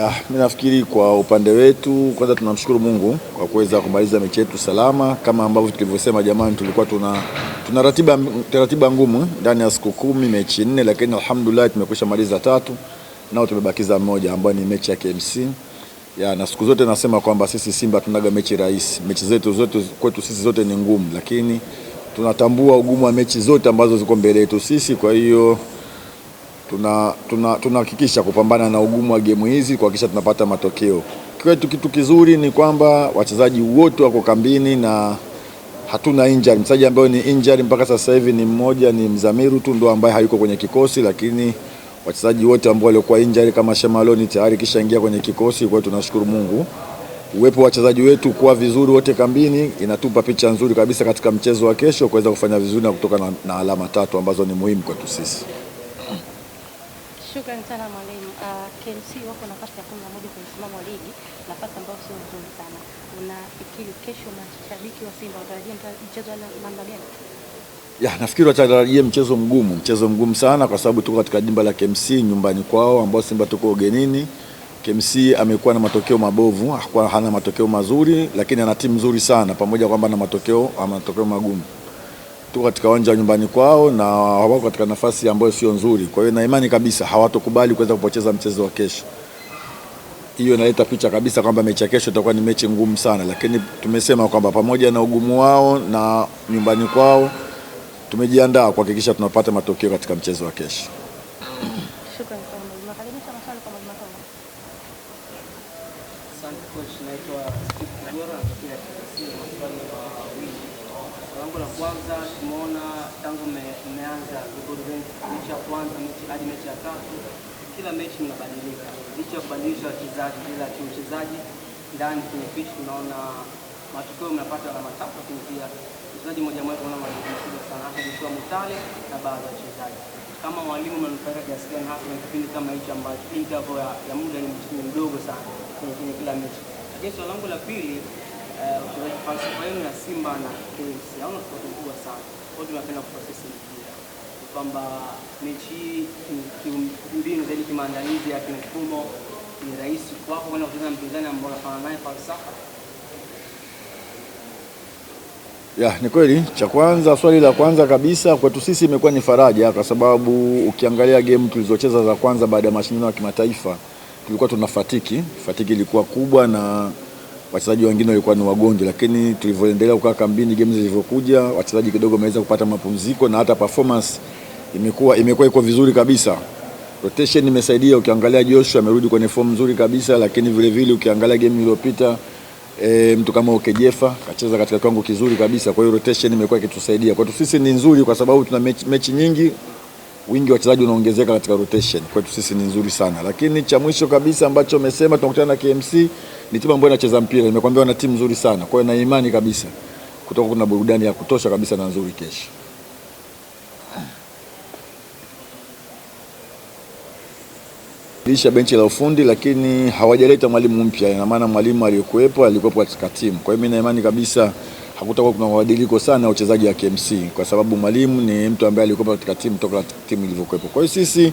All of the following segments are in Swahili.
Ah, mimi nafikiri kwa upande wetu, kwanza tunamshukuru Mungu kwa kuweza kumaliza mechi yetu salama. Kama ambavyo tulivyosema, jamani, tulikuwa tuna, tuna ratiba, taratiba ngumu ndani ya siku kumi, mechi nne, lakini alhamdulillah tumekwisha maliza tatu, nao tumebakiza moja ambayo ni mechi ya KMC ya, na siku zote nasema kwamba sisi Simba tunaga mechi rahisi, mechi zetu zote kwetu sisi zote ni ngumu, lakini tunatambua ugumu wa mechi zote ambazo ziko mbele yetu sisi, kwa hiyo tunahakikisha tuna, tuna kupambana na ugumu wa gemu hizi kuhakikisha tunapata matokeo kwetu. Kitu kizuri ni kwamba wachezaji wote wako kambini na hatuna injury. Mchezaji ambaye ni injury mpaka sasa hivi ni mmoja, ni Mzamiru tu ndo ambaye hayuko kwenye kikosi, lakini wachezaji wote ambao waliokuwa injury kama Shemaloni tayari kisha ingia kwenye kikosi. Kwa hiyo tunashukuru Mungu, uwepo wa wachezaji wetu kuwa vizuri wote kambini inatupa picha nzuri kabisa katika mchezo wa kesho kuweza kufanya vizuri na kutoka na, na alama tatu ambazo ni muhimu kwetu sisi. Shukran sana mwalimu. Uh, ah, KMC wako nafasi ya kumi na moja kwenye msimamo wa ligi, nafasi ambayo sio nzuri sana. Unafikiri kesho mashabiki wa Simba watarajia mchezo wa namna gani? Ya, nafikiri watarajia mchezo mgumu, mchezo mgumu sana kwa sababu tuko katika dimba la KMC nyumbani kwao, ambao Simba tuko ugenini. KMC amekuwa na matokeo mabovu, hakuwa hana matokeo mazuri, lakini ana timu nzuri sana pamoja kwamba na matokeo ama matokeo magumu tu katika uwanja wa nyumbani kwao na hawako katika nafasi ambayo sio nzuri. Kwa hiyo na imani kabisa hawatokubali kuweza kupoteza mchezo wa kesho. Hiyo inaleta picha kabisa kwamba mechi ya kesho itakuwa ni mechi ngumu sana, lakini tumesema kwamba pamoja na ugumu wao na nyumbani kwao tumejiandaa kuhakikisha tunapata matokeo katika mchezo wa kesho. Shukrani. kwanza tumeona tangu mmeanza mechi ya kwanza hadi mechi ya tatu, kila mechi mnabadilika, licha ya kubadilisha wachezaji ila kiuchezaji ndani kwenye pitch tunaona matokeo mnapata alama tatu, lakini pia mchezaji mmoja mmoja tunaona matokeo sana, hasa ikiwa Mutale na baadhi ya wachezaji kama walimu mnanufaika kiasi gani, hasa kwenye kipindi kama hichi ambacho interval ya muda ni mdogo sana kwenye kila mechi. Lakini swali langu la pili wachezaji ya Simba na hauna tofauti kubwa sana. Kwa hiyo tunapenda mpira kwamba mechi hii zaidi kimaandalizi ya kimfumo ni rahisi kwako kwenda kucheza mpinzani ambao unafanana naye falsafa ya ni kweli. Cha kwanza, swali la kwanza kabisa kwetu sisi imekuwa ni faraja, kwa sababu ukiangalia game tulizocheza za kwanza baada ya mashindano ya kimataifa tulikuwa tuna fatiki, fatiki ilikuwa kubwa na wachezaji wengine walikuwa ni wagonjwa, lakini tulivyoendelea kukaa kambini, games zilivyokuja, wachezaji kidogo wameweza kupata mapumziko na hata performance imekuwa imekuwa iko vizuri kabisa. Rotation imesaidia, ukiangalia Joshua amerudi kwenye form nzuri kabisa, lakini vile vile ukiangalia game iliyopita E, mtu kama Okejefa kacheza katika kiwango kizuri kabisa. Kwa hiyo rotation imekuwa ikitusaidia kwetu sisi ni nzuri, kwa sababu tuna mechi, mechi nyingi, wingi wa wachezaji unaongezeka katika rotation, kwetu sisi ni nzuri sana. Lakini cha mwisho kabisa ambacho umesema, tunakutana na KMC ni timu ambayo inacheza mpira, nimekwambia wana timu nzuri sana. Kwa hiyo na imani kabisa kutoka kuna burudani ya kutosha kabisa na nzuri kesho. Lisha benchi la ufundi lakini hawajaleta mwalimu mpya, ina maana mwalimu aliyokuwepo alikuwepo katika timu. Kwa hiyo mimi na imani kabisa hakutakuwa kuna mabadiliko sana ya uchezaji wa KMC kwa sababu mwalimu ni mtu ambaye alikuwepo katika timu toka timu ilivyokuwepo. Kwa hiyo sisi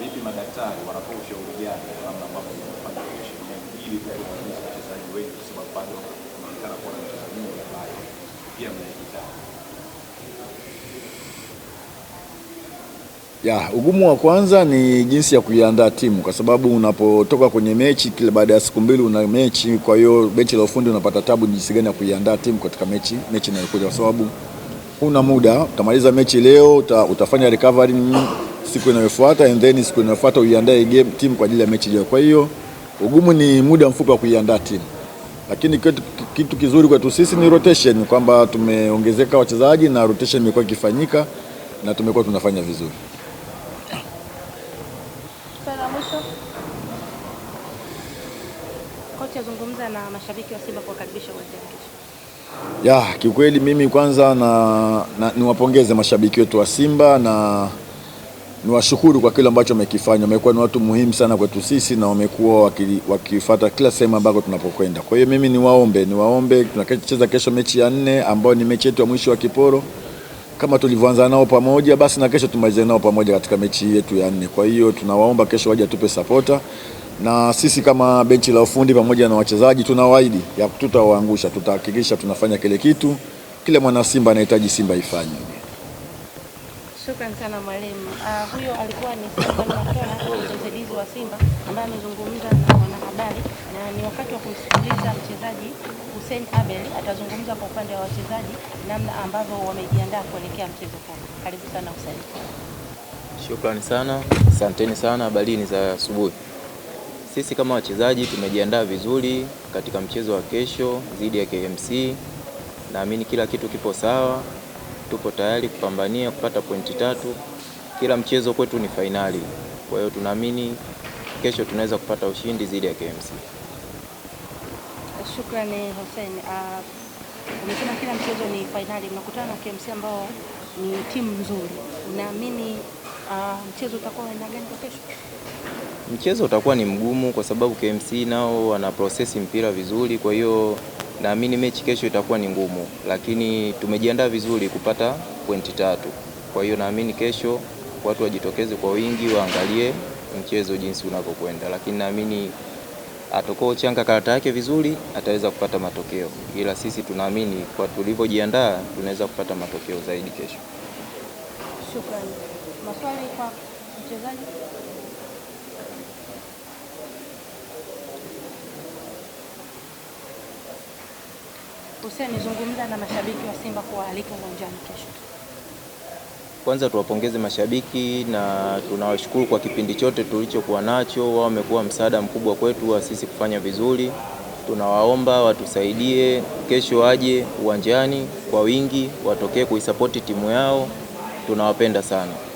vipi madaktari wanatoa ushauri gani kwa namna ambavyo wanafanya operesheni ili kuweza wachezaji wengi, kwa sababu bado wanaonekana kuwa na michezo mingi ambayo pia mnaihitaji. Ya, ugumu wa kwanza ni jinsi ya kuiandaa timu kwa sababu unapotoka kwenye mechi kila baada ya siku mbili una mechi, kwa hiyo benchi la ufundi unapata tabu jinsi gani ya kuiandaa timu katika mechi mechi inayokuja, kwa sababu una muda. Utamaliza mechi leo uta, utafanya recovery siku inayofuata and then siku inayofuata uiandae game timu kwa ajili ya mechi hiyo. Kwa hiyo ugumu ni muda mfupi wa kuiandaa timu, lakini kitu, kitu kizuri kwetu sisi ni rotation, kwamba tumeongezeka wachezaji na rotation imekuwa ikifanyika na tumekuwa tunafanya vizuri. Ya kiukweli mimi kwanza na, na niwapongeze mashabiki wetu wa Simba na niwashukuru kwa kile ambacho wamekifanya. Wamekuwa ni watu muhimu sana kwetu sisi na wamekuwa wakifuata kila sehemu ambako tunapokwenda. Kwa hiyo mimi niwaombe, niwaombe, tunacheza kesho mechi ya nne ambayo ni mechi yetu ya mwisho wa kiporo kama tulivyoanza nao pamoja basi na kesho tumalize nao pamoja katika mechi yetu ya nne. Kwa hiyo tunawaomba kesho waje tupe supporta, na sisi kama benchi la ufundi pamoja na wachezaji tunawaahidi ya tutawaangusha, tutahakikisha tunafanya kile kitu kile mwana Simba anahitaji Simba ifanye. Shukrani sana mwalimu. Uh, huyo alikuwa ni msaidizi wa Simba ambaye amezungumza na wanahabari, na ni wakati wa kumsikiliza mchezaji Hussein Abel. Atazungumza kwa upande wa wachezaji namna ambavyo wamejiandaa kuelekea mchezo huu. Karibu sana Hussein. Shukrani sana, asanteni sana, habarini za asubuhi. Sisi kama wachezaji tumejiandaa vizuri katika mchezo wa kesho dhidi ya KMC. Naamini kila kitu kipo sawa tupo tayari kupambania kupata pointi tatu. Kila mchezo kwetu ni fainali, kwa hiyo tunaamini kesho tunaweza kupata ushindi dhidi ya KMC. Shukrani Hussein. Uh, umesema kila mchezo ni fainali, mnakutana na KMC ambao ni timu nzuri. Unaamini uh, ah, mchezo utakuwa aina gani kesho? Mchezo utakuwa ni mgumu kwa sababu KMC nao wana prosesi mpira vizuri, kwa hiyo naamini mechi kesho itakuwa ni ngumu, lakini tumejiandaa vizuri kupata pointi tatu. Kwa hiyo naamini kesho watu wajitokeze kwa wingi, waangalie mchezo jinsi unavyokwenda, lakini naamini atokoo changa karata yake vizuri ataweza kupata matokeo, ila sisi tunaamini kwa tulivyojiandaa tunaweza kupata matokeo zaidi kesho. Shukrani. Maswali kwa mchezaji. Hussein, nizungumza na mashabiki wa Simba kuwaalika uwanjani kesho. Kwanza tuwapongeze mashabiki na tunawashukuru kwa kipindi chote tulichokuwa nacho. Wao wamekuwa msaada mkubwa kwetu wa sisi kufanya vizuri. Tunawaomba watusaidie kesho, waje uwanjani kwa wingi, watokee kuisapoti timu yao. Tunawapenda sana.